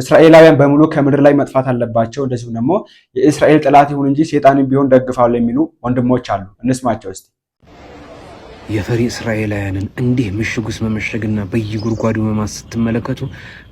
እስራኤላውያን በሙሉ ከምድር ላይ መጥፋት አለባቸው። እንደዚሁም ደግሞ የእስራኤል ጠላት ይሁን እንጂ ሴጣንን ቢሆን ደግፋሉ የሚሉ ወንድሞች አሉ። እንስማቸው እስቲ። የፈሪ እስራኤላውያንን እንዲህ ምሽግ ውስጥ መመሸግና በየጉድጓዱ መማስ ስትመለከቱ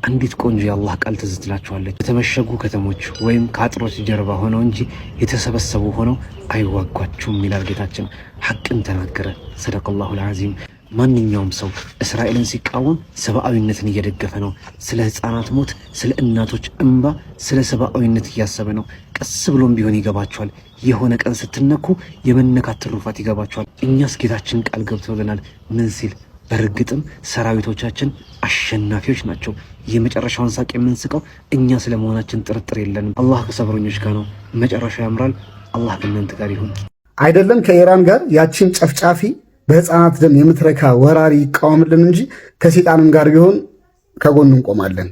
አንዲት ቆንጆ የአላህ ቃል ትዝ ትላችኋለች። የተመሸጉ ከተሞች ወይም ከአጥሮች ጀርባ ሆነው እንጂ የተሰበሰቡ ሆነው አይዋጓችሁም ይላል ጌታችን። ሐቅን ተናገረ። ሰደቀላሁ ልዓዚም ማንኛውም ሰው እስራኤልን ሲቃወም ሰብአዊነትን እየደገፈ ነው። ስለ ህፃናት ሞት፣ ስለ እናቶች እንባ፣ ስለ ሰብአዊነት እያሰበ ነው። ቀስ ብሎም ቢሆን ይገባቸዋል። የሆነ ቀን ስትነኩ የመነካት ትሩፋት ይገባቸዋል። እኛስ ጌታችን ቃል ገብቶልናል። ምን ሲል? በእርግጥም ሰራዊቶቻችን አሸናፊዎች ናቸው። የመጨረሻውን ሳቅ የምንስቀው እኛ ስለ መሆናችን ጥርጥር የለንም። አላህ ከሰብረኞች ጋር ነው። መጨረሻው ያምራል። አላህ ከእናንተ ጋር ይሁን። አይደለም ከኢራን ጋር ያችን ጨፍጫፊ በህፃናት ደም የምትረካ ወራሪ ይቃወምልን እንጂ ከሴጣንም ጋር ቢሆን ከጎን እንቆማለን።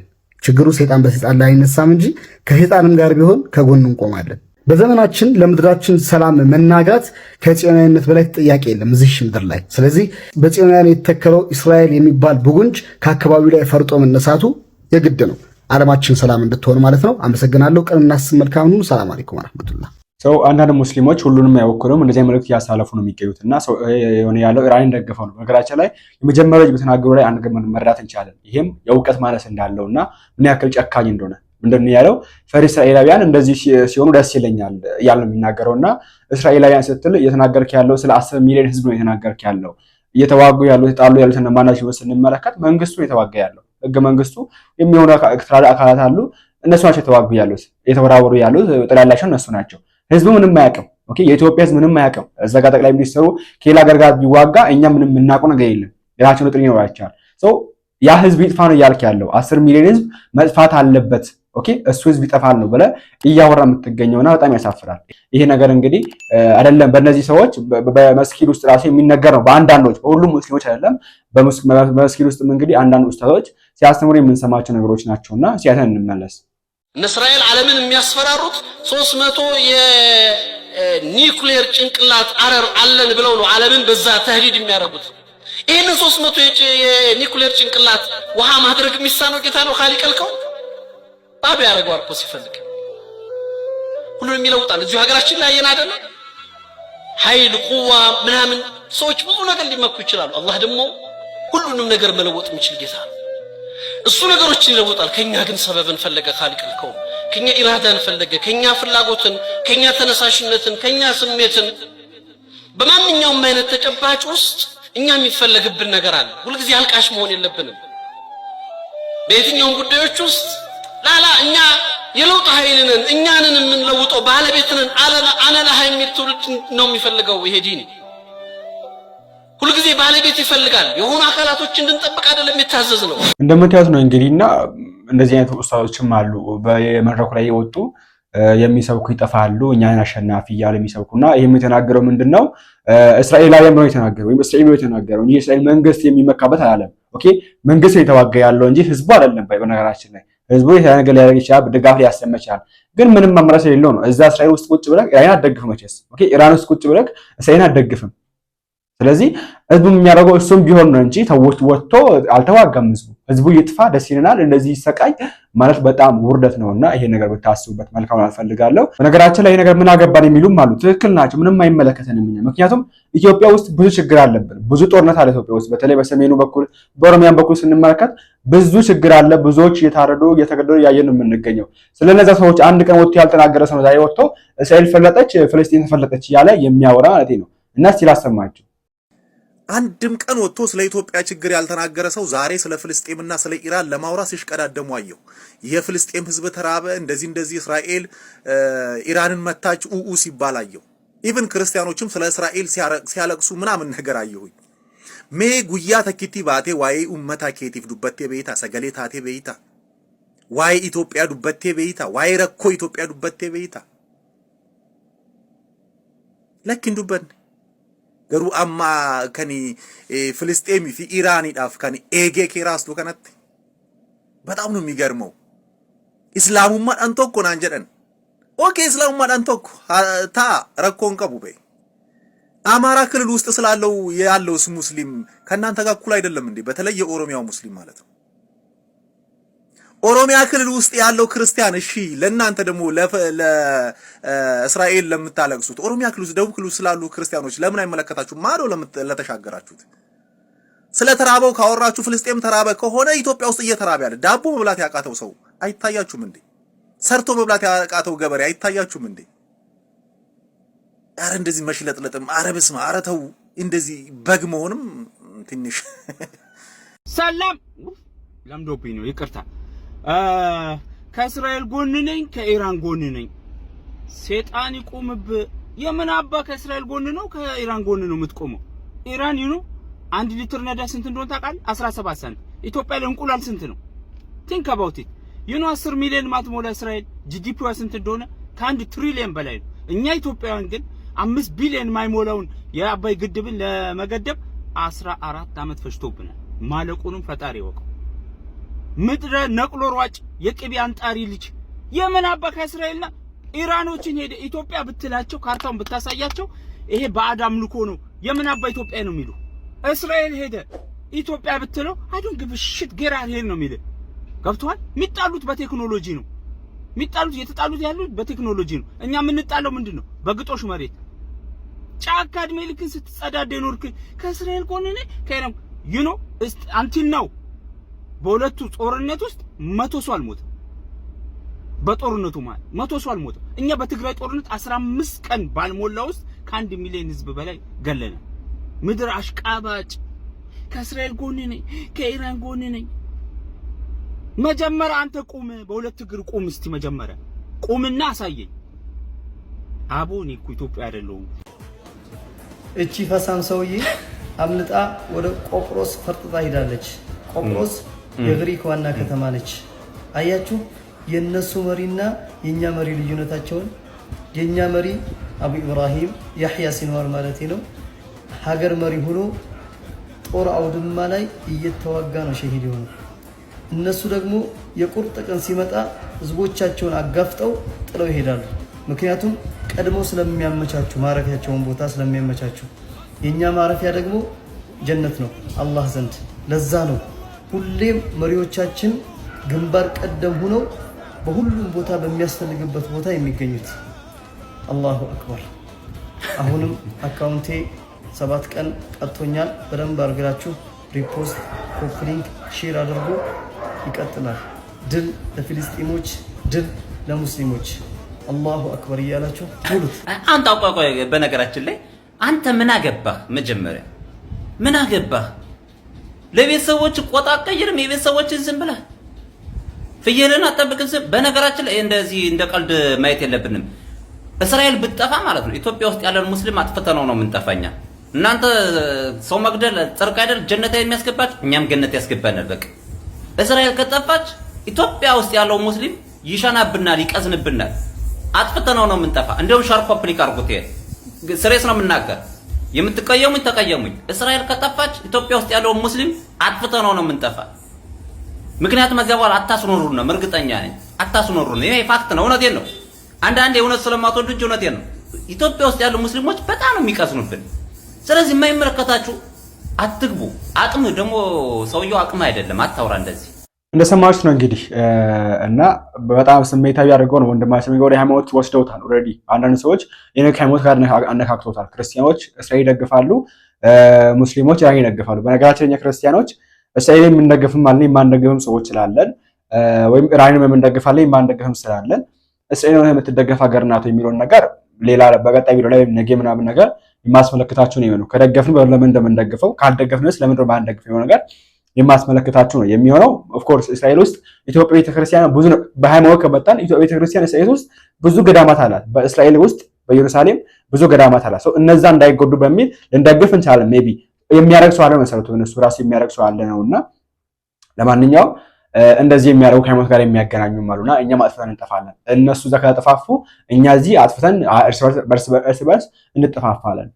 ችግሩ ሴጣን በሴጣን ላይ አይነሳም እንጂ ከሴጣንም ጋር ቢሆን ከጎን እንቆማለን። በዘመናችን ለምድራችን ሰላም መናጋት ከጽዮናዊነት በላይ ጥያቄ የለም እዚህ ምድር ላይ። ስለዚህ በጽዮናውያን የተተከለው እስራኤል የሚባል ብጉንጅ ከአካባቢው ላይ ፈርጦ መነሳቱ የግድ ነው፣ ዓለማችን ሰላም እንድትሆን ማለት ነው። አመሰግናለሁ። ቀን እናስብ። መልካም። ሰላም አለይኩም ረመቱላ ሰው አንዳንድ ሙስሊሞች ሁሉንም አይወክሉም። እንደዚህ መልእክት እያሳለፉ ነው የሚገኙት እና ሰው የሆነ ያለው ኢራንን ደግፈው ነው። በነገራችን ላይ የመጀመሪያ በተናገሩ ላይ አንድ መረዳት እንችላለን። ይህም የእውቀት ማነስ እንዳለው እና ምን ያክል ጨካኝ እንደሆነ ምንድን ያለው ፈሪ እስራኤላውያን እንደዚህ ሲሆኑ ደስ ይለኛል እያለ ነው የሚናገረው እና እስራኤላውያን ስትል እየተናገርክ ያለው ስለ አስር ሚሊዮን ህዝብ ነው እየተናገርክ ያለው። እየተዋጉ ያሉት የጣሉ ያሉት እነማናቸው ሲሆን ስንመለከት መንግስቱ የተዋጋ ያለው ህገ መንግስቱ የሚሆኑ አካላት አሉ። እነሱ ናቸው የተዋጉ ያሉት፣ የተወራወሩ ያሉት ጥላላቸው እነሱ ናቸው። ህዝቡ ምንም አያውቅም። ኦኬ የኢትዮጵያ ህዝብ ምንም አያውቅም። እዛ ጋር ጠቅላይ ሚኒስትሩ ከሌላ ሀገር ጋር ቢዋጋ እኛ ምንም የምናውቀው ነገር የለም። የራቸውን ጥሪ ይኖራቸዋል። ያ ህዝብ ይጥፋ ነው እያልክ ያለው። አስር ሚሊዮን ህዝብ መጥፋት አለበት። ኦኬ እሱ ህዝብ ይጠፋል ነው ብለህ እያወራ የምትገኘውና በጣም ያሳፍራል። ይሄ ነገር እንግዲህ አይደለም በእነዚህ ሰዎች በመስኪድ ውስጥ ራሱ የሚነገር ነው። በአንዳንዶች በሁሉም ሙስሊሞች አይደለም፣ በመስጊድ ውስጥም እንግዲህ አንዳንድ ኡስታዞች ሲያስተምሩ የምንሰማቸው ነገሮች ናቸውና ሲያተን እንመለስ። እስራኤል ዓለምን የሚያስፈራሩት ሶስት መቶ የኒውክሌር ጭንቅላት አረር አለን ብለው ነው ዓለምን በዛ ተህዲድ የሚያደርጉት። ይህንን ሶስት መቶ የኒውክሌር ጭንቅላት ውሃ ማድረግ የሚሳነው ጌታ ነው ካሊቀልከው ባብ ያደረገዋል አርኮ ሲፈልግ ሁሉንም ይለውጣል። እዚሁ ሀገራችን ላይ ያየን አይደለም ኃይል ቁዋ ምናምን ሰዎች ብዙ ነገር ሊመኩ ይችላሉ። አላህ ደግሞ ሁሉንም ነገር መለወጥ የሚችል ጌታ ነው። እሱ ነገሮችን ይለውጣል። ከኛ ግን ሰበብን ፈለገ ካልቅልከው ከኛ ኢራዳን ፈለገ ከኛ ፍላጎትን፣ ከኛ ተነሳሽነትን፣ ከኛ ስሜትን በማንኛውም አይነት ተጨባጭ ውስጥ እኛ የሚፈለግብን ነገር አለ። ሁልጊዜ አልቃሽ መሆን የለብንም። በየትኛውም ጉዳዮች ውስጥ ላላ እኛ የለውጥ ኃይል ነን፣ እኛንን የምንለውጠው ባለቤት አነላሃ የሚል ትውልድ ነው የሚፈልገው ይሄ ዲን። ሁልጊዜ ባለቤት ይፈልጋል። የሆኑ አካላቶች እንድንጠብቅ አይደለም የታዘዝ ነው። እንደምታዩት ነው እንግዲህ እና እንደዚህ አይነት ውስታዎችም አሉ በመድረኩ ላይ የወጡ የሚሰብኩ ይጠፋሉ እኛን አሸናፊ እያሉ የሚሰብኩ እና ይህም የተናገረው ምንድን ነው? እስራኤላውያን ነው የተናገረው ወይም እስራኤል ነው የተናገረው እንጂ እስራኤል መንግስት የሚመካበት አላለም። ኦኬ መንግስት የተዋጋ ያለው እንጂ ህዝቡ አይደለም። በነገራችን ላይ ህዝቡ የተናገር ሊያደርግ ይችላል፣ ድጋፍ ሊያሰመ ይችላል። ግን ምንም መመረስ የሌለው ነው። እዛ እስራኤል ውስጥ ቁጭ ብለህ ኢራንን አትደግፍም። መቼስ ኦኬ ኢራን ውስጥ ቁጭ ብለህ እስራኤል አትደግፍም። ስለዚህ ህዝቡ የሚያደርገው እሱም ቢሆን ነው እንጂ ወጥቶ አልተዋጋም። ህዝቡ ህዝቡ ይጥፋ ደስ ይለናል። እንደዚህ ይሰቃይ ማለት በጣም ውርደት ነው እና ይሄ ነገር ብታስቡበት መልካም አልፈልጋለሁ። በነገራችን ላይ ይሄ ነገር ምን አገባን የሚሉም አሉ። ትክክል ናቸው። ምንም አይመለከተንም። ምክንያቱም ኢትዮጵያ ውስጥ ብዙ ችግር አለብን። ብዙ ጦርነት አለ ኢትዮጵያ ውስጥ በተለይ በሰሜኑ በኩል በኦሮሚያን በኩል ስንመለከት ብዙ ችግር አለ። ብዙዎች እየታረዱ እየተገደሉ እያየን የምንገኘው። ስለነዛ ሰዎች አንድ ቀን ወጥቶ ያልተናገረ ሰው ዛሬ ወጥቶ እስራኤል ፈለጠች፣ ፍልስጤን ተፈለጠች እያለ የሚያወራ ማለት ነው እና ሲላሰማቸው አንድም ቀን ወጥቶ ስለ ኢትዮጵያ ችግር ያልተናገረ ሰው ዛሬ ስለ ፍልስጤምና ስለ ኢራን ለማውራት ሲሽቀዳደሙ አየሁ። የፍልስጤም ህዝብ ተራበ፣ እንደዚህ እንደዚህ፣ እስራኤል ኢራንን መታች ኡኡ ሲባል አየሁ። ኢቭን ክርስቲያኖችም ስለ እስራኤል ሲያለቅሱ ምናምን ነገር አየሁኝ። ሜ ጉያ ተኪቲ ባቴ ዋይ ኡመታ ኬቲፍ ዱበቴ ቤታ ሰገሌ ታቴ ቤይታ ዋይ ኢትዮጵያ ዱበቴ ቤይታ ዋይ ረኮ ኢትዮጵያ ዱበቴ ቤይታ ለኪን ዱበን garuu amma kan filisteemii fi Iraaniidhaaf kan eegee keeraastu kanatti በጣም ነው የሚገርመው። islaamummaadhaan tokko naan jedhan ookee islaamummaadhaan tokko ታ ረኮን ቀቡ በይ አማራ ክልል ውስጥ ስላለው ያለውስ ሙስሊም ከእናንተ ጋር እኩል አይደለም እንዴ? በተለይ የኦሮሚያው oromiyaa muslim ነው። ኦሮሚያ ክልል ውስጥ ያለው ክርስቲያን እሺ፣ ለእናንተ ደግሞ ለእስራኤል ለምታለቅሱት ኦሮሚያ ክልል ውስጥ ደቡብ ክልል ውስጥ ስላሉ ክርስቲያኖች ለምን አይመለከታችሁ? ማዶ ለተሻገራችሁት ስለ ተራበው ካወራችሁ ፍልስጤም ተራበ ከሆነ ኢትዮጵያ ውስጥ እየተራበ ያለ ዳቦ መብላት ያቃተው ሰው አይታያችሁም እንዴ? ሰርቶ መብላት ያቃተው ገበሬ አይታያችሁም እንዴ? አረ እንደዚህ መሽለጥለጥም፣ አረ በስመ አብ፣ አረ ተው። እንደዚህ በግ መሆንም ትንሽ ሰላም ለምዶብኝ ነው። ይቅርታ ከእስራኤል ጎን ነኝ፣ ከኢራን ጎን ነኝ። ሴጣን ይቁምብ። የምን አባ ከእስራኤል ጎን ነው ከኢራን ጎን ነው የምትቆመው? ኢራን ይኑ አንድ ሊትር ነዳጅ ስንት እንደሆነ ታውቃለህ? 17 ሳንቲም። ኢትዮጵያ ላይ እንቁላል ስንት ነው? ቲንክ አባውት ኢት ይኑ 10 ሚሊዮን ማትሞላ እስራኤል ጂዲፒዋ ስንት እንደሆነ ከአንድ ትሪሊየን በላይ ነው። እኛ ኢትዮጵያውያን ግን አምስት ቢሊዮን የማይሞላውን የአባይ ግድብን ለመገደብ 14 ዓመት ፈጅቶብናል። ማለቁንም ፈጣሪ ይወቀው። ምድረ ነቅሎ ሯጭ የቅቤ አንጣሪ ልጅ የምን አባ ከእስራኤልና ኢራኖችን ሄደ ኢትዮጵያ ብትላቸው ካርታውን ብታሳያቸው ይሄ ባዕድ አምልኮ ነው፣ የምን አባ ኢትዮጵያ ነው የሚሉ። እስራኤል ሄደ ኢትዮጵያ ብትለው አይዶን ግብሽት ጌራ ሄል ነው የሚል ገብቷል። የሚጣሉት በቴክኖሎጂ ነው የሚጣሉት የተጣሉት ያሉት በቴክኖሎጂ ነው። እኛ የምንጣለው ምንድን ነው? በግጦሽ መሬት ጫካ እድሜ ልክን ስትጸዳደ ኖርክ ከእስራኤል ከሆነ ከይረም ዩኖ አንቲል ነው በሁለቱ ጦርነት ውስጥ መቶ ሰው አልሞተም። በጦርነቱ ማለት መቶ ሰው አልሞተም። እኛ በትግራይ ጦርነት 15 ቀን ባልሞላ ውስጥ ከአንድ ሚሊዮን ህዝብ በላይ ገለነ ምድር አሽቃባጭ ከእስራኤል ጎን ነኝ፣ ከኢራን ጎን ነኝ። መጀመሪያ አንተ ቁም፣ በሁለት እግር ቁም። እስቲ መጀመሪያ ቁምና አሳየኝ። አቦ እኔ እኮ ኢትዮጵያ አይደለሁም። እቺ ፈሳም ሰውዬ አምልጣ ወደ ቆጵሮስ ፈርጥጣ ሄዳለች ቆጵሮስ የግሪክ ዋና ከተማ ነች። አያችሁ የእነሱ መሪና የእኛ መሪ ልዩነታቸውን። የእኛ መሪ አቡ ኢብራሂም ያሕያ ሲንዋር ማለት ነው። ሀገር መሪ ሆኖ ጦር አውድማ ላይ እየተዋጋ ነው ሸሂድ የሆኑ እነሱ ደግሞ የቁርጥ ቀን ሲመጣ ህዝቦቻቸውን አጋፍጠው ጥለው ይሄዳሉ። ምክንያቱም ቀድሞ ስለሚያመቻቹ ማረፊያቸውን ቦታ ስለሚያመቻቹ፣ የእኛ ማረፊያ ደግሞ ጀነት ነው አላህ ዘንድ። ለዛ ነው ሁሌም መሪዎቻችን ግንባር ቀደም ሆነው በሁሉም ቦታ በሚያስፈልግበት ቦታ የሚገኙት። አላሁ አክበር። አሁንም አካውንቴ ሰባት ቀን ቀጥቶኛል። በደንብ አድርጋችሁ ሪፖስት፣ ኮፕሊንግ፣ ሼር አድርጎ ይቀጥላል። ድል ለፊልስጢሞች፣ ድል ለሙስሊሞች። አላሁ አክበር እያላችሁ ሙሉት። አንተ አቋቋ በነገራችን ላይ አንተ ምን አገባህ? መጀመሪያ ምን አገባህ? ለቤተሰቦች ቆጣ አትቀይርም። የቤተሰቦችን ዝም ብለህ ፍየልን አጠብቅን ዝም በነገራችን ላይ እንደዚህ እንደ ቀልድ ማየት የለብንም። እስራኤል ብትጠፋ ማለት ነው ኢትዮጵያ ውስጥ ያለን ሙስሊም አትፈተነው ነው የምንጠፋኛ። እናንተ ሰው መግደል ጽርቅ አይደል? ጀነት የሚያስገባች እኛም ገነት ያስገባናል። በቃ እስራኤል ከጠፋች ኢትዮጵያ ውስጥ ያለው ሙስሊም ይሸናብናል፣ ይቀዝንብናል። አትፈተነው ነው የምንጠፋ። እንደውም ሻርኮ አፕሊክ አርጉት። ይሄ ስሬስ ነው የምናገር የምትቀየሙኝ ተቀየሙኝ። እስራኤል ከጠፋች ኢትዮጵያ ውስጥ ያለውን ሙስሊም አጥፍተ ነው ነው የምንጠፋ። ምክንያቱም እዚያ በኋላ አታስኖሩን ነው እርግጠኛ ነኝ። አታስኖሩን ይሄ ፋክት ነው፣ እውነቴን ነው። አንዳንዴ እውነት ስለማትወዱ እንጂ እውነቴን ነው። ኢትዮጵያ ውስጥ ያሉ ሙስሊሞች በጣም ነው የሚቀስኑብን። ስለዚህ የማይመለከታችሁ አትግቡ። አቅም ደግሞ ሰውየው አቅም አይደለም፣ አታውራ እንደዚህ እንደሰማች ነው እንግዲህ እና በጣም ስሜታዊ አድርገው ነው ወንድማችን ወደ ሃይማኖት ወስደውታል። ኦልሬዲ አንዳንድ ሰዎች ይህን ከሃይማኖት ጋር አነካክቶታል። ክርስቲያኖች እስራኤል ይደግፋሉ፣ ሙስሊሞች ኢራን ይደግፋሉ። በነገራችን ክርስቲያኖች እስራኤል የምንደግፍም አለን የማንደግፍም ሰዎች ስላለን ወይም ኢራንም የምንደግፋለን የማንደግፍም ስላለን እስራኤል የምትደገፍ ሀገር ናት የሚለውን ነገር ሌላ በቀጣይ ቪዲዮ ላይ ነገ ምናምን ነገር የማስመለክታችሁ ነው። ከደገፍን ለምን እንደምንደግፈው ካልደገፍንስ ለምን ማንደግፈው ነገር የማስመለከታችሁ ነው የሚሆነው። ኦፍኮርስ እስራኤል ውስጥ ኢትዮጵያ ቤተክርስቲያን ብዙ በሃይማኖት ከመጣን ኢትዮጵያ ቤተክርስቲያን እስራኤል ውስጥ ብዙ ገዳማት አላት። በእስራኤል ውስጥ በኢየሩሳሌም ብዙ ገዳማት አላት። ሰው እነዛ እንዳይጎዱ በሚል ልንደግፍ እንችላለን። ሜይ ቢ የሚያደርግ ሰው አለ መሰረቱ እነሱ ራሱ የሚያደርግ ሰው አለ ነውና፣ ለማንኛውም እንደዚህ የሚያደርጉ ከሃይማኖት ጋር የሚያገናኙ አሉና እኛም አጥፍተን እንጠፋለን። እነሱ እዛ ከተጠፋፉ እኛ እዚህ አጥፍተን እርስ በርስ እንጠፋፋለን።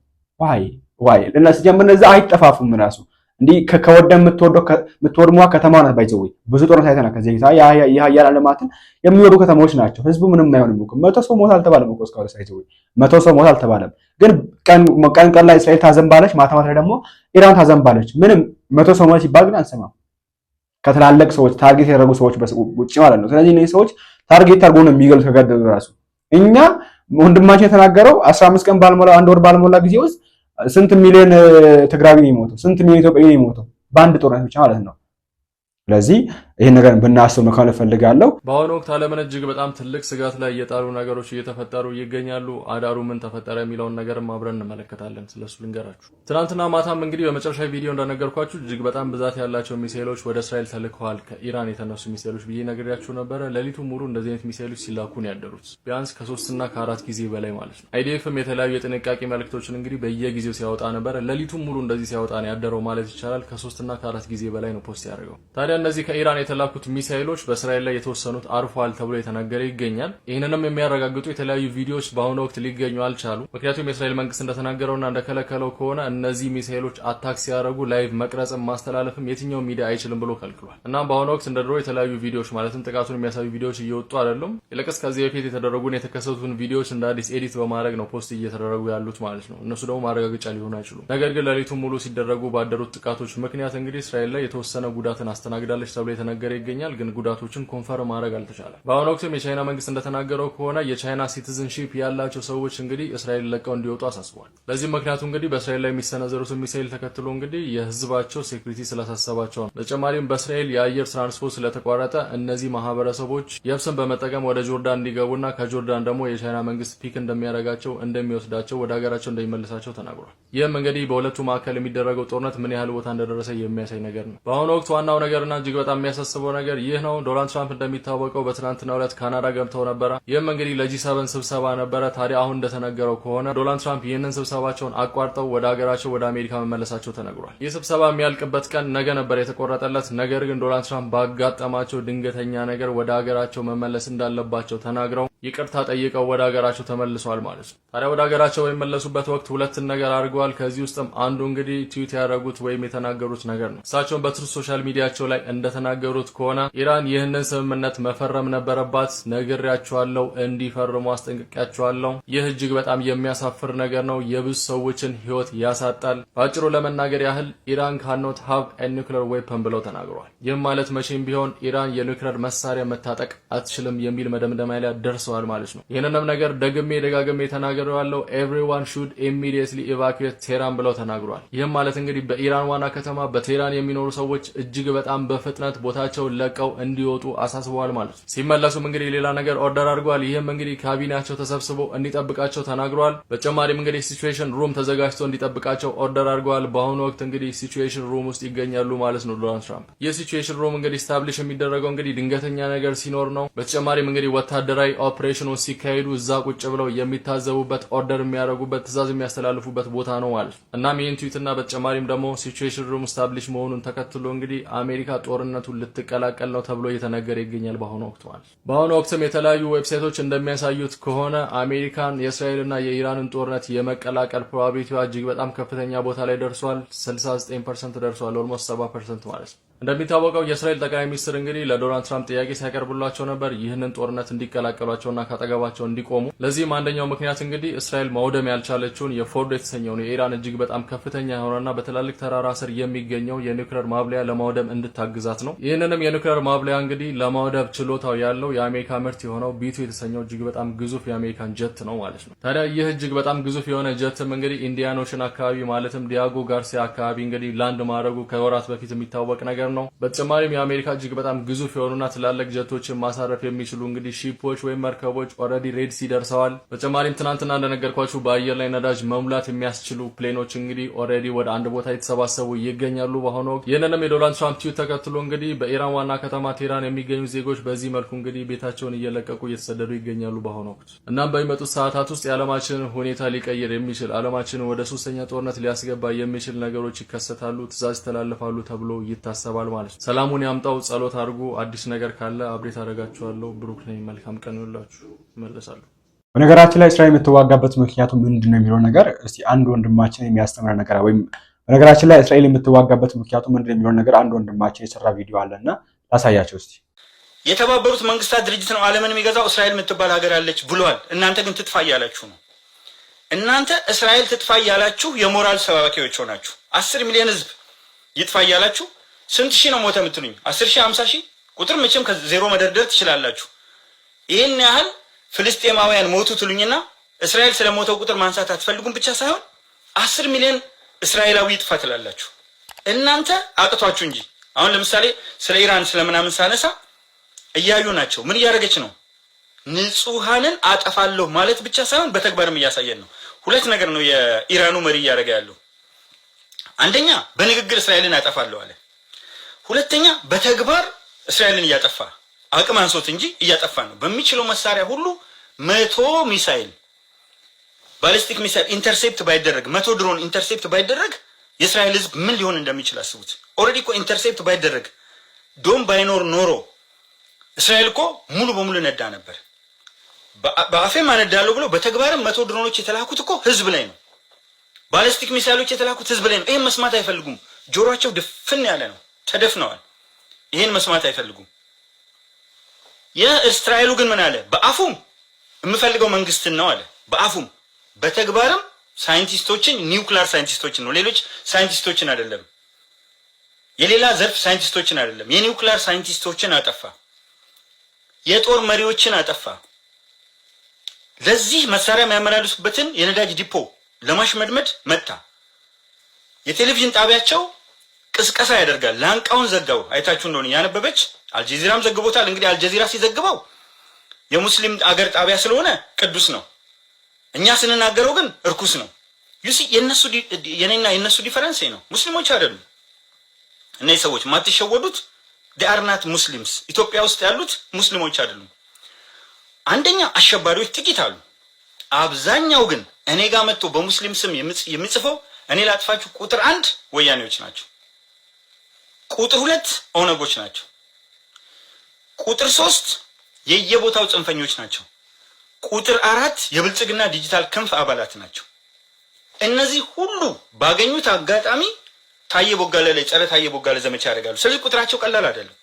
ዋይ ዋይ! እና ሲጀምር እነዛ አይጠፋፉም ራሱ እንዲህ ከወደ የምትወድመዋ ከተማ ናት። ባይዘወይ ብዙ ጦርነት አይተናል። ከዚህ ጌታ የሀያል ዓለማትን የሚወዱ ከተማዎች ናቸው። ህዝቡ ምንም አይሆንም እኮ መቶ ሰው ሞት አልተባለም እኮ እስካሁን ሳይዘወይ መቶ ሰው ሞት አልተባለም። ግን ቀን ቀን ላይ እስራኤል ታዘንባለች፣ ማታ ማታ ደግሞ ኢራን ታዘንባለች። ምንም መቶ ሰው ሞት ሲባል ግን አንሰማም። ከትላልቅ ሰዎች ታርጌት ያደረጉ ሰዎች ውጭ ማለት ነው። ስለዚህ እነዚህ ሰዎች ታርጌት አድርጎ ነው የሚገሉት። ከገደሉ ራሱ እኛ ወንድማችን የተናገረው አስራ አምስት ቀን ባልሞላ አንድ ወር ባልሞላ ጊዜ ውስጥ ስንት ሚሊዮን ትግራዊ ነው የሞተው? ስንት ሚሊዮን ኢትዮጵያዊ ነው የሞተው? በአንድ ጦርነት ብቻ ማለት ነው። ስለዚህ ይህን ነገር ብናስብ ነው ከሆነ ፈልጋለሁ። በአሁኑ ወቅት ዓለምን እጅግ በጣም ትልቅ ስጋት ላይ የጣሉ ነገሮች እየተፈጠሩ ይገኛሉ። አዳሩ ምን ተፈጠረ የሚለውን ነገርም አብረን እንመለከታለን። ስለሱ ልንገራችሁ። ትናንትና ማታም እንግዲህ በመጨረሻ ቪዲዮ እንደነገርኳችሁ እጅግ በጣም ብዛት ያላቸው ሚሳኤሎች ወደ እስራኤል ተልከዋል። ከኢራን የተነሱ ሚሳኤሎች ብዬ ነግሬያችሁ ነበረ። ሌሊቱ ሙሉ እንደዚህ አይነት ሚሳይሎች ሲላኩን ያደሩት፣ ቢያንስ ከሶስትና ከአራት ጊዜ በላይ ማለት ነው። አይዲኤፍም የተለያዩ የጥንቃቄ መልእክቶችን እንግዲህ በየጊዜው ሲያወጣ ነበረ። ሌሊቱ ሙሉ እንደዚህ ሲያወጣ ነው ያደረው ማለት ይቻላል። ከሶስትና ከአራት ጊዜ በላይ ነው ፖስት ያደርገው። ታዲያ እነዚህ ከኢራን የተላኩት ሚሳይሎች በእስራኤል ላይ የተወሰኑት አርፏል ተብሎ የተነገረ ይገኛል። ይህንንም የሚያረጋግጡ የተለያዩ ቪዲዮዎች በአሁኑ ወቅት ሊገኙ አልቻሉ ምክንያቱም የእስራኤል መንግስት እንደተናገረውና እንደከለከለው ከሆነ እነዚህ ሚሳኤሎች አታክ ሲያደርጉ ላይቭ መቅረጽም ማስተላለፍም የትኛው ሚዲያ አይችልም ብሎ ከልክሏል። እናም በአሁኑ ወቅት እንደ ድሮ የተለያዩ ቪዲዮዎች ማለትም ጥቃቱን የሚያሳዩ ቪዲዮዎች እየወጡ አይደሉም። ይልቅስ ከዚህ በፊት የተደረጉን የተከሰቱን ቪዲዮዎች እንደ አዲስ ኤዲት በማድረግ ነው ፖስት እየተደረጉ ያሉት ማለት ነው። እነሱ ደግሞ ማረጋገጫ ሊሆኑ አይችሉም። ነገር ግን ሌሊቱን ሙሉ ሲደረጉ ባደሩት ጥቃቶች ምክንያት እንግዲህ እስራኤል ላይ የተወሰነ ጉዳትን አስተናግዳለች ተብሎ የተነ እየተነገረ ይገኛል፣ ግን ጉዳቶችን ኮንፈርም ማድረግ አልተቻለም። በአሁኑ ወቅትም የቻይና መንግስት እንደተናገረው ከሆነ የቻይና ሲቲዝንሺፕ ያላቸው ሰዎች እንግዲህ እስራኤል ለቀው እንዲወጡ አሳስቧል። ለዚህም ምክንያቱ እንግዲህ በእስራኤል ላይ የሚሰነዘሩትን ሚሳይል ተከትሎ እንግዲህ የህዝባቸው ሴኩሪቲ ስላሳሰባቸው ነው። በተጨማሪም በእስራኤል የአየር ትራንስፖርት ስለተቋረጠ እነዚህ ማህበረሰቦች የብስን በመጠቀም ወደ ጆርዳን እንዲገቡና ከጆርዳን ደግሞ የቻይና መንግስት ፒክ እንደሚያደርጋቸው እንደሚወስዳቸው ወደ ሀገራቸው እንደሚመልሳቸው ተናግሯል። ይህም እንግዲህ በሁለቱ መካከል የሚደረገው ጦርነት ምን ያህል ቦታ እንደደረሰ የሚያሳይ ነገር ነው። በአሁኑ ወቅት ዋናው ነገርና እጅግ በጣም የሚያሳ የሚያሳስበው ነገር ይህ ነው። ዶናልድ ትራምፕ እንደሚታወቀው በትናንትናው ዕለት ካናዳ ገብተው ነበረ። ይህም እንግዲህ ለጂ ሰቨን ስብሰባ ነበረ። ታዲያ አሁን እንደተነገረው ከሆነ ዶናልድ ትራምፕ ይህንን ስብሰባቸውን አቋርጠው ወደ ሀገራቸው ወደ አሜሪካ መመለሳቸው ተነግሯል። ይህ ስብሰባ የሚያልቅበት ቀን ነገ ነበር የተቆረጠለት። ነገር ግን ዶናልድ ትራምፕ ባጋጠማቸው ድንገተኛ ነገር ወደ ሀገራቸው መመለስ እንዳለባቸው ተናግረው ይቅርታ ጠይቀው ወደ ሀገራቸው ተመልሰዋል ማለት ነው። ታዲያ ወደ ሀገራቸው በሚመለሱበት ወቅት ሁለትን ነገር አድርገዋል። ከዚህ ውስጥም አንዱ እንግዲህ ትዊት ያደረጉት ወይም የተናገሩት ነገር ነው። እሳቸውን በትሩ ሶሻል ሚዲያቸው ላይ እንደተናገሩት ከሆነ ኢራን ይህንን ስምምነት መፈረም ነበረባት፣ ነግሬያቸዋለሁ፣ እንዲፈርሙ አስጠንቅቄያቸዋለሁ። ይህ እጅግ በጣም የሚያሳፍር ነገር ነው፣ የብዙ ሰዎችን ህይወት ያሳጣል። በአጭሩ ለመናገር ያህል ኢራን ካኖት ሀብ ኒውክሌር ዌፐን ብለው ተናግሯል። ይህም ማለት መቼም ቢሆን ኢራን የኒክለር መሳሪያ መታጠቅ አትችልም የሚል መደምደማ ላይ ደርሰዋል ደርሰዋል ማለት ነው። ይህንንም ነገር ደግሜ ደጋግሜ ተናገረው ያለው ኤቭሪዋን ሹድ ኢሚዲየትሊ ኢቫኩዌት ቴህራን ብለው ተናግሯል። ይህም ማለት እንግዲህ በኢራን ዋና ከተማ በቴህራን የሚኖሩ ሰዎች እጅግ በጣም በፍጥነት ቦታቸውን ለቀው እንዲወጡ አሳስበዋል ማለት ነው። ሲመለሱም እንግዲህ ሌላ ነገር ኦርደር አድርጓል። ይህም እንግዲህ ካቢኔያቸው ተሰብስቦ እንዲጠብቃቸው ተናግሯል። በተጨማሪም እንግዲህ ሲቹዌሽን ሩም ተዘጋጅቶ እንዲጠብቃቸው ኦርደር አድርገዋል። በአሁኑ ወቅት እንግዲህ ሲቹዌሽን ሩም ውስጥ ይገኛሉ ማለት ነው ዶናልድ ትራምፕ። የሲቹዌሽን ሩም እንግዲህ ስታብሊሽ የሚደረገው እንግዲህ ድንገተኛ ነገር ሲኖር ነው። በተጨማሪም እንግዲህ ወታደራዊ ኦፕ ኦፕሬሽኖች ሲካሄዱ እዛ ቁጭ ብለው የሚታዘቡበት ኦርደር የሚያደርጉበት ትእዛዝ የሚያስተላልፉበት ቦታ ነው ማለት እናም ይህን ትዊት እና በተጨማሪም ደግሞ ሲቹዌሽን ሩም ስታብሊሽ መሆኑን ተከትሎ እንግዲህ አሜሪካ ጦርነቱን ልትቀላቀል ነው ተብሎ እየተነገረ ይገኛል በአሁኑ ወቅት ማለት። በአሁኑ ወቅትም የተለያዩ ዌብሳይቶች እንደሚያሳዩት ከሆነ አሜሪካን የእስራኤልና የኢራንን ጦርነት የመቀላቀል ፕሮባቢሊቲዋ እጅግ በጣም ከፍተኛ ቦታ ላይ ደርሷል። 69 ፐርሰንት ደርሷል። ኦልሞስት 70 ፐርሰንት ማለት ነው። እንደሚታወቀው የእስራኤል ጠቅላይ ሚኒስትር እንግዲህ ለዶናልድ ትራምፕ ጥያቄ ሲያቀርቡላቸው ነበር፣ ይህንን ጦርነት እንዲቀላቀሏቸውና ከአጠገባቸው እንዲቆሙ። ለዚህም አንደኛው ምክንያት እንግዲህ እስራኤል ማውደም ያልቻለችውን የፎርዶ የተሰኘውን የኢራን እጅግ በጣም ከፍተኛ የሆነና በትላልቅ ተራራ ስር የሚገኘው የኒውክሌር ማብለያ ለማውደም እንድታግዛት ነው። ይህንንም የኒውክሌር ማብለያ እንግዲህ ለማውደብ ችሎታው ያለው የአሜሪካ ምርት የሆነው ቢቱ የተሰኘው እጅግ በጣም ግዙፍ የአሜሪካን ጀት ነው ማለት ነው። ታዲያ ይህ እጅግ በጣም ግዙፍ የሆነ ጀትም እንግዲህ ኢንዲያኖሽን አካባቢ ማለትም ዲያጎ ጋርሲያ አካባቢ እንግዲህ ላንድ ማድረጉ ከወራት በፊት የሚታወቅ ነገር ነው። በተጨማሪም የአሜሪካ እጅግ በጣም ግዙፍ የሆኑና ትላልቅ ጀቶችን ማሳረፍ የሚችሉ እንግዲህ ሺፖች ወይም መርከቦች ኦልሬዲ ሬድ ሲ ደርሰዋል። በተጨማሪም ትናንትና እንደነገርኳችሁ በአየር ላይ ነዳጅ መሙላት የሚያስችሉ ፕሌኖች እንግዲህ ኦልሬዲ ወደ አንድ ቦታ የተሰባሰቡ ይገኛሉ በአሁኑ ወቅት። ይህንንም የዶናልድ ትራምፕ ቲዩት ተከትሎ እንግዲህ በኢራን ዋና ከተማ ቴህራን የሚገኙ ዜጎች በዚህ መልኩ እንግዲህ ቤታቸውን እየለቀቁ እየተሰደዱ ይገኛሉ በአሁኑ ወቅት። እናም በሚመጡት ሰዓታት ውስጥ የዓለማችን ሁኔታ ሊቀይር የሚችል አለማችን ወደ ሶስተኛ ጦርነት ሊያስገባ የሚችል ነገሮች ይከሰታሉ፣ ትዕዛዝ ይተላለፋሉ ተብሎ ይታሰባል። ተደርጓል ማለት ነው። ሰላሙን ያምጣው፣ ጸሎት አድርጉ። አዲስ ነገር ካለ አብሬት አደርጋችኋለሁ። ብሩክ ነኝ። መልካም ቀን ይሁንላችሁ። እመለሳለሁ። በነገራችን ላይ እስራኤል የምትዋጋበት ምክንያቱ ምንድን ነው የሚለው ነገር እስቲ አንድ ወንድማችን የሚያስተምረ ነገር ወይም በነገራችን ላይ እስራኤል የምትዋጋበት ምክንያቱ ምንድን ነው የሚለው ነገር አንድ ወንድማችን የሰራ ቪዲዮ አለና ላሳያቸው እስቲ። የተባበሩት መንግስታት ድርጅት ነው ዓለምን የሚገዛው እስራኤል የምትባል ሀገር አለች ብሏል። እናንተ ግን ትጥፋ እያላችሁ ነው። እናንተ እስራኤል ትጥፋ እያላችሁ የሞራል ሰባኪዎች ሆናችሁ አስር ሚሊዮን ህዝብ ይጥፋ እያላችሁ ስንት ሺህ ነው ሞተ የምትሉኝ? አስር ሺህ አምሳ ሺህ ቁጥር መቼም ከዜሮ መደርደር ትችላላችሁ። ይህን ያህል ፍልስጤማውያን ሞቱ ትሉኝና እስራኤል ስለሞተው ቁጥር ማንሳት አትፈልጉም ብቻ ሳይሆን አስር ሚሊዮን እስራኤላዊ ይጥፋ ትላላችሁ። እናንተ አቅቷችሁ እንጂ አሁን ለምሳሌ ስለ ኢራን ስለምናምን ሳነሳ እያዩ ናቸው። ምን እያደረገች ነው? ንጹሐንን አጠፋለሁ ማለት ብቻ ሳይሆን በተግባርም እያሳየን ነው። ሁለት ነገር ነው የኢራኑ መሪ እያደረገ ያለው። አንደኛ በንግግር እስራኤልን አጠፋለሁ አለ። ሁለተኛ በተግባር እስራኤልን እያጠፋ አቅም አንሶት እንጂ እያጠፋ ነው። በሚችለው መሳሪያ ሁሉ መቶ ሚሳይል ባሊስቲክ ሚሳይል ኢንተርሴፕት ባይደረግ መቶ ድሮን ኢንተርሴፕት ባይደረግ የእስራኤል ሕዝብ ምን ሊሆን እንደሚችል አስቡት። ኦልሬዲ እኮ ኢንተርሴፕት ባይደረግ ዶም ባይኖር ኖሮ እስራኤል እኮ ሙሉ በሙሉ ነዳ ነበር። በአፌም አነዳለሁ ብሎ በተግባርም መቶ ድሮኖች የተላኩት እኮ ሕዝብ ላይ ነው። ባሊስቲክ ሚሳይሎች የተላኩት ሕዝብ ላይ ነው። ይህም መስማት አይፈልጉም። ጆሮቸው ድፍን ያለ ነው። ተደፍነዋል። ይህን መስማት አይፈልጉም። የእስራኤሉ ግን ምን አለ? በአፉም የምፈልገው መንግስትን ነው አለ። በአፉም በተግባርም ሳይንቲስቶችን ኒውክሊር ሳይንቲስቶችን ነው፣ ሌሎች ሳይንቲስቶችን አይደለም፣ የሌላ ዘርፍ ሳይንቲስቶችን አይደለም። የኒውክሊር ሳይንቲስቶችን አጠፋ፣ የጦር መሪዎችን አጠፋ። ለዚህ መሳሪያ የሚያመላልሱበትን የነዳጅ ዲፖ ለማሽመድመድ መታ። የቴሌቪዥን ጣቢያቸው ቅስቀሳ ያደርጋል። ላንቃውን ዘጋው። አይታችሁ እንደሆነ ያነበበች አልጀዚራም ዘግቦታል። እንግዲህ አልጀዚራ ሲዘግበው የሙስሊም አገር ጣቢያ ስለሆነ ቅዱስ ነው፣ እኛ ስንናገረው ግን እርኩስ ነው። ዩሲ የነሱ የኔና የነሱ ዲፈረንስ ነው። ሙስሊሞች አይደሉም እነዚህ ሰዎች። ማትሸወዱት ዲአርናት ሙስሊምስ ኢትዮጵያ ውስጥ ያሉት ሙስሊሞች አይደሉም። አንደኛ አሸባሪዎች ጥቂት አሉ። አብዛኛው ግን እኔ ጋር መጥቶ በሙስሊም ስም የሚጽፈው እኔ ላጥፋችሁ ቁጥር አንድ ወያኔዎች ናቸው። ቁጥር ሁለት ኦነጎች ናቸው። ቁጥር ሶስት የየቦታው ጽንፈኞች ናቸው። ቁጥር አራት የብልጽግና ዲጂታል ክንፍ አባላት ናቸው። እነዚህ ሁሉ ባገኙት አጋጣሚ ታየ ቦጋለ ላይ ጸረ ታየ ቦጋለ ዘመቻ ያደርጋሉ። ስለዚህ ቁጥራቸው ቀላል አይደለም።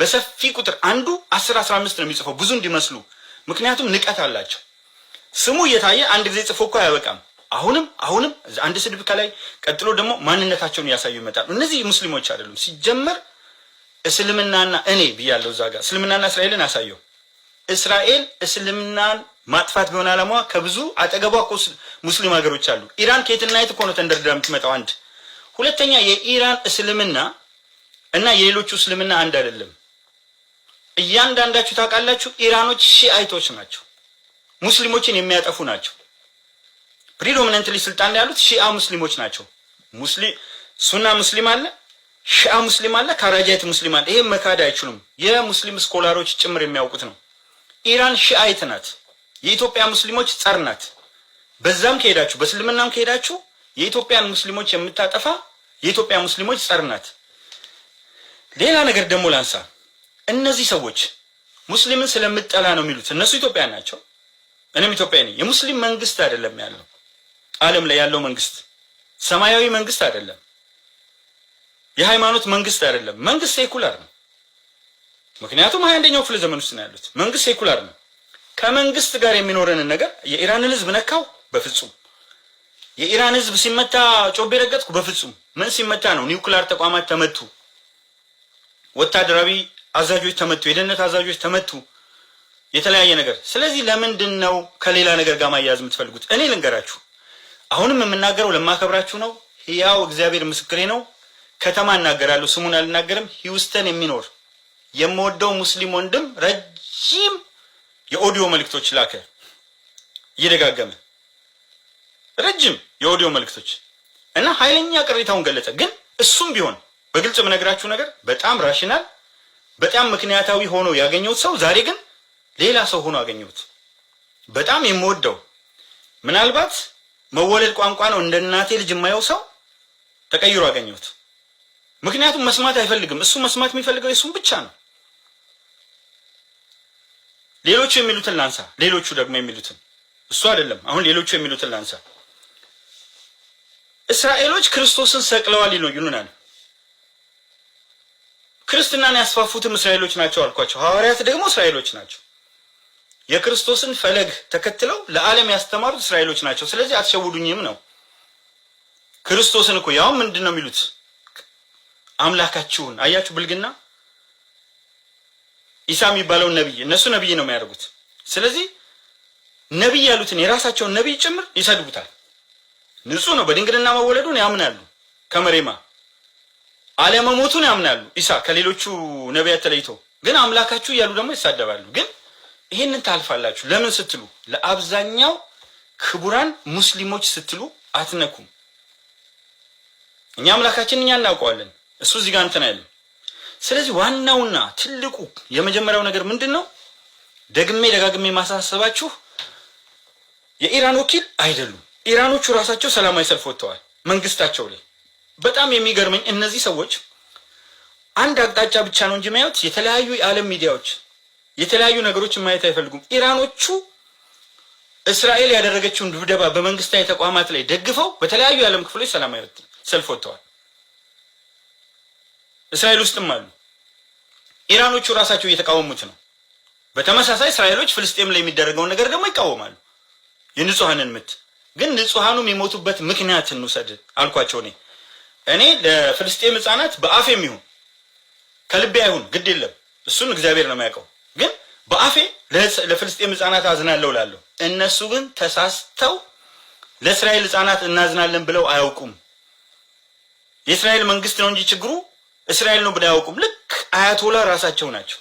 በሰፊ ቁጥር አንዱ አስር አስራ አምስት ነው የሚጽፈው ብዙ እንዲመስሉ፣ ምክንያቱም ንቀት አላቸው። ስሙ እየታየ አንድ ጊዜ ጽፎ እኮ አያበቃም። አሁንም አሁንም አንድ ስድብ ከላይ ቀጥሎ ደግሞ ማንነታቸውን እያሳዩ ይመጣሉ። እነዚህ ሙስሊሞች አይደሉም። ሲጀመር እስልምናና እኔ ብያለሁ እዛ ጋር እስልምናና እስራኤልን አሳየው። እስራኤል እስልምናን ማጥፋት ቢሆን ዓላማዋ ከብዙ አጠገቧ እኮ ሙስሊም ሀገሮች አሉ። ኢራን ከየትና የት እኮ ነው ተንደርድራ የምትመጣው። አንድ ሁለተኛ የኢራን እስልምና እና የሌሎቹ እስልምና አንድ አይደለም። እያንዳንዳችሁ ታውቃላችሁ፣ ኢራኖች ሺአይቶች ናቸው፣ ሙስሊሞችን የሚያጠፉ ናቸው። ፕሪዶሚነንትሊ ስልጣን ላይ ያሉት ሺአ ሙስሊሞች ናቸው። ሙስሊም ሱና ሙስሊም አለ፣ ሺአ ሙስሊም አለ፣ ካራጃይት ሙስሊም አለ። ይሄ መካድ አይችሉም። የሙስሊም ስኮላሮች ጭምር የሚያውቁት ነው። ኢራን ሺአይት ናት። የኢትዮጵያ ሙስሊሞች ጸር ናት። በዛም ከሄዳችሁ በእስልምናም ከሄዳችሁ የኢትዮጵያን ሙስሊሞች የምታጠፋ የኢትዮጵያ ሙስሊሞች ጸር ናት። ሌላ ነገር ደግሞ ላንሳ። እነዚህ ሰዎች ሙስሊምን ስለምጠላ ነው የሚሉት። እነሱ ኢትዮጵያ ናቸው፣ እኔም ኢትዮጵያ ነኝ። የሙስሊም መንግስት አይደለም ያለው ዓለም ላይ ያለው መንግስት ሰማያዊ መንግስት አይደለም። የሃይማኖት መንግስት አይደለም። መንግስት ሴኩላር ነው። ምክንያቱም ሀያ አንደኛው ክፍለ ዘመን ውስጥ ነው ያሉት። መንግስት ሴኩላር ነው። ከመንግስት ጋር የሚኖረንን ነገር የኢራንን ህዝብ ነካው? በፍጹም። የኢራን ህዝብ ሲመታ ጮቤ ረገጥኩ? በፍጹም። ምን ሲመታ ነው? ኒውክሊያር ተቋማት ተመቱ፣ ወታደራዊ አዛዦች ተመቱ፣ የደህንነት አዛዦች ተመቱ፣ የተለያየ ነገር። ስለዚህ ለምንድን ነው ከሌላ ነገር ጋር ማያያዝ የምትፈልጉት? እኔ ልንገራችሁ አሁንም የምናገረው ለማከብራችሁ ነው። ያው እግዚአብሔር ምስክሬ ነው። ከተማ እናገራለሁ፣ ስሙን አልናገርም። ሂውስተን የሚኖር የምወደው ሙስሊም ወንድም ረጅም የኦዲዮ መልእክቶች ላከ፣ እየደጋገመ ረጅም የኦዲዮ መልእክቶች እና ኃይለኛ ቅሬታውን ገለጸ። ግን እሱም ቢሆን በግልጽ የምነግራችሁ ነገር በጣም ራሽናል፣ በጣም ምክንያታዊ ሆኖ ያገኘሁት ሰው ዛሬ ግን ሌላ ሰው ሆኖ አገኘሁት። በጣም የምወደው ምናልባት መወለድ ቋንቋ ነው። እንደ እናቴ ልጅ የማየው ሰው ተቀይሮ አገኘሁት። ምክንያቱም መስማት አይፈልግም። እሱ መስማት የሚፈልገው የሱም ብቻ ነው። ሌሎቹ የሚሉትን ላንሳ። ሌሎቹ ደግሞ የሚሉትን እሱ አይደለም። አሁን ሌሎቹ የሚሉትን ላንሳ። እስራኤሎች ክርስቶስን ሰቅለዋል ይሉናል። ክርስትናን ያስፋፉትም እስራኤሎች ናቸው አልኳቸው። ሐዋርያት ደግሞ እስራኤሎች ናቸው። የክርስቶስን ፈለግ ተከትለው ለዓለም ያስተማሩት እስራኤሎች ናቸው። ስለዚህ አትሸውዱኝም ነው። ክርስቶስን እኮ ያውም ምንድን ነው የሚሉት? አምላካችሁን አያችሁ። ብልግና ኢሳ የሚባለውን ነቢይ እነሱ ነቢይ ነው የሚያደርጉት። ስለዚህ ነቢይ ያሉትን የራሳቸውን ነቢይ ጭምር ይሰድቡታል። ንጹህ ነው በድንግልና መወለዱን ያምናሉ። ከመሬማ አለመሞቱን ያምናሉ። ኢሳ ከሌሎቹ ነቢያት ተለይቶ ግን አምላካችሁ እያሉ ደግሞ ይሳደባሉ ግን ይህንን ታልፋላችሁ። ለምን ስትሉ ለአብዛኛው ክቡራን ሙስሊሞች ስትሉ አትነኩም። እኛ አምላካችን እኛ እናውቀዋለን። እሱ እዚህ ጋር እንትን አይልም። ስለዚህ ዋናውና ትልቁ የመጀመሪያው ነገር ምንድን ነው? ደግሜ ደጋግሜ ማሳሰባችሁ የኢራን ወኪል አይደሉም። ኢራኖቹ ራሳቸው ሰላማዊ ሰልፍ ወጥተዋል መንግስታቸው ላይ። በጣም የሚገርመኝ እነዚህ ሰዎች አንድ አቅጣጫ ብቻ ነው እንጂ የሚያዩት የተለያዩ የዓለም ሚዲያዎች የተለያዩ ነገሮችን ማየት አይፈልጉም። ኢራኖቹ እስራኤል ያደረገችውን ድብደባ በመንግስታዊ ተቋማት ላይ ደግፈው በተለያዩ የዓለም ክፍሎች ሰላማዊ ሰልፍ ወጥተዋል። እስራኤል ውስጥም አሉ። ኢራኖቹ ራሳቸው እየተቃወሙት ነው። በተመሳሳይ እስራኤሎች ፍልስጤም ላይ የሚደረገውን ነገር ደግሞ ይቃወማሉ። የንጹሐንን ምት ግን ንጹሐኑ የሚሞቱበት ምክንያት እንውሰድ አልኳቸው። እኔ እኔ ለፍልስጤም ህጻናት በአፍ የሚሆን ከልቤ አይሁን ግድ የለም እሱን እግዚአብሔር ነው የሚያውቀው። ግን በአፌ ለፍልስጤም ህጻናት አዝናለሁ እላለሁ። እነሱ ግን ተሳስተው ለእስራኤል ህጻናት እናዝናለን ብለው አያውቁም። የእስራኤል መንግስት ነው እንጂ ችግሩ እስራኤል ነው ብለው አያውቁም። ልክ አያቶላ ራሳቸው ናቸው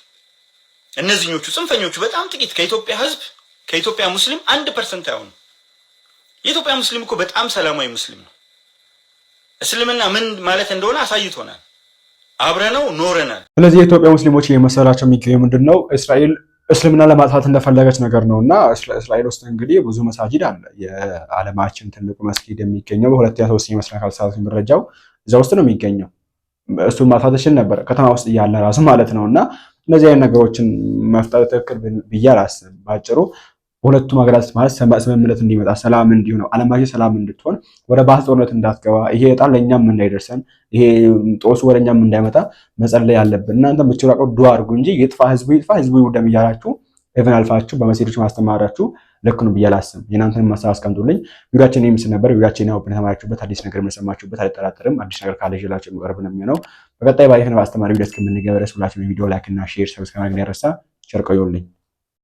እነዚህኞቹ ጽንፈኞቹ። በጣም ጥቂት ከኢትዮጵያ ህዝብ ከኢትዮጵያ ሙስሊም አንድ ፐርሰንት አይሆኑ። የኢትዮጵያ ሙስሊም እኮ በጣም ሰላማዊ ሙስሊም ነው። እስልምና ምን ማለት እንደሆነ አሳይቶናል። አብረነው ኖረናል። ስለዚህ የኢትዮጵያ ሙስሊሞች የመሰላቸው የሚገኘው ምንድን ነው? እስራኤል እስልምና ለማጥፋት እንደፈለገች ነገር ነው እና እስራኤል ውስጥ እንግዲህ ብዙ መሳጅድ አለ። የዓለማችን ትልቁ መስጊድ የሚገኘው በሁለተኛ ሶስተኛ መስሪያ ካልሰራት መረጃው እዛ ውስጥ ነው የሚገኘው። እሱን ማጥፋት ችል ነበር ከተማ ውስጥ እያለ ራሱ ማለት ነው እና እነዚህ አይነት ነገሮችን መፍጠር ትክክል ብዬ አላስብም ባጭሩ በሁለቱም ሀገራት ማለት ስምምነት እንዲመጣ ሰላም እንዲሆን ዓለማችን ሰላም እንድትሆን ወደ ባህር ጦርነት እንዳትገባ ይሄ እጣን ለእኛም እንዳይደርሰን ይሄ ጦሱ ወደ እኛም እንዳይመጣ መጸለይ ያለብን። እናንተ ብችሉ አቀው ዱዓ አድርጉ እንጂ ይጥፋ ህዝቡ ይጥፋ ህዝቡ ይውደም እያላችሁ ኤቨን አልፋችሁ በመሴዶች ማስተማራችሁ ልክ ነው ብዬ አላስብም። የእናንተን ሀሳብ አስቀምጡልኝ። ቪዲዮአችን የሚስል ነበር። ቪዲዮአችን ያው የተማራችሁበት አዲስ ነገር የምንሰማችሁበት አልጠራጠርም። አዲስ ነገር ካለ ይዤላችሁ የሚቀርብ ነው የሚሆነው። በቀጣይ ባሪፍ በአስተማሪ ቪዲዮ እስከምንገበረስ ሁላችሁ ቪዲዮ ላይክ እና ሼር ሰብስክራይብ ያረሳ ቸር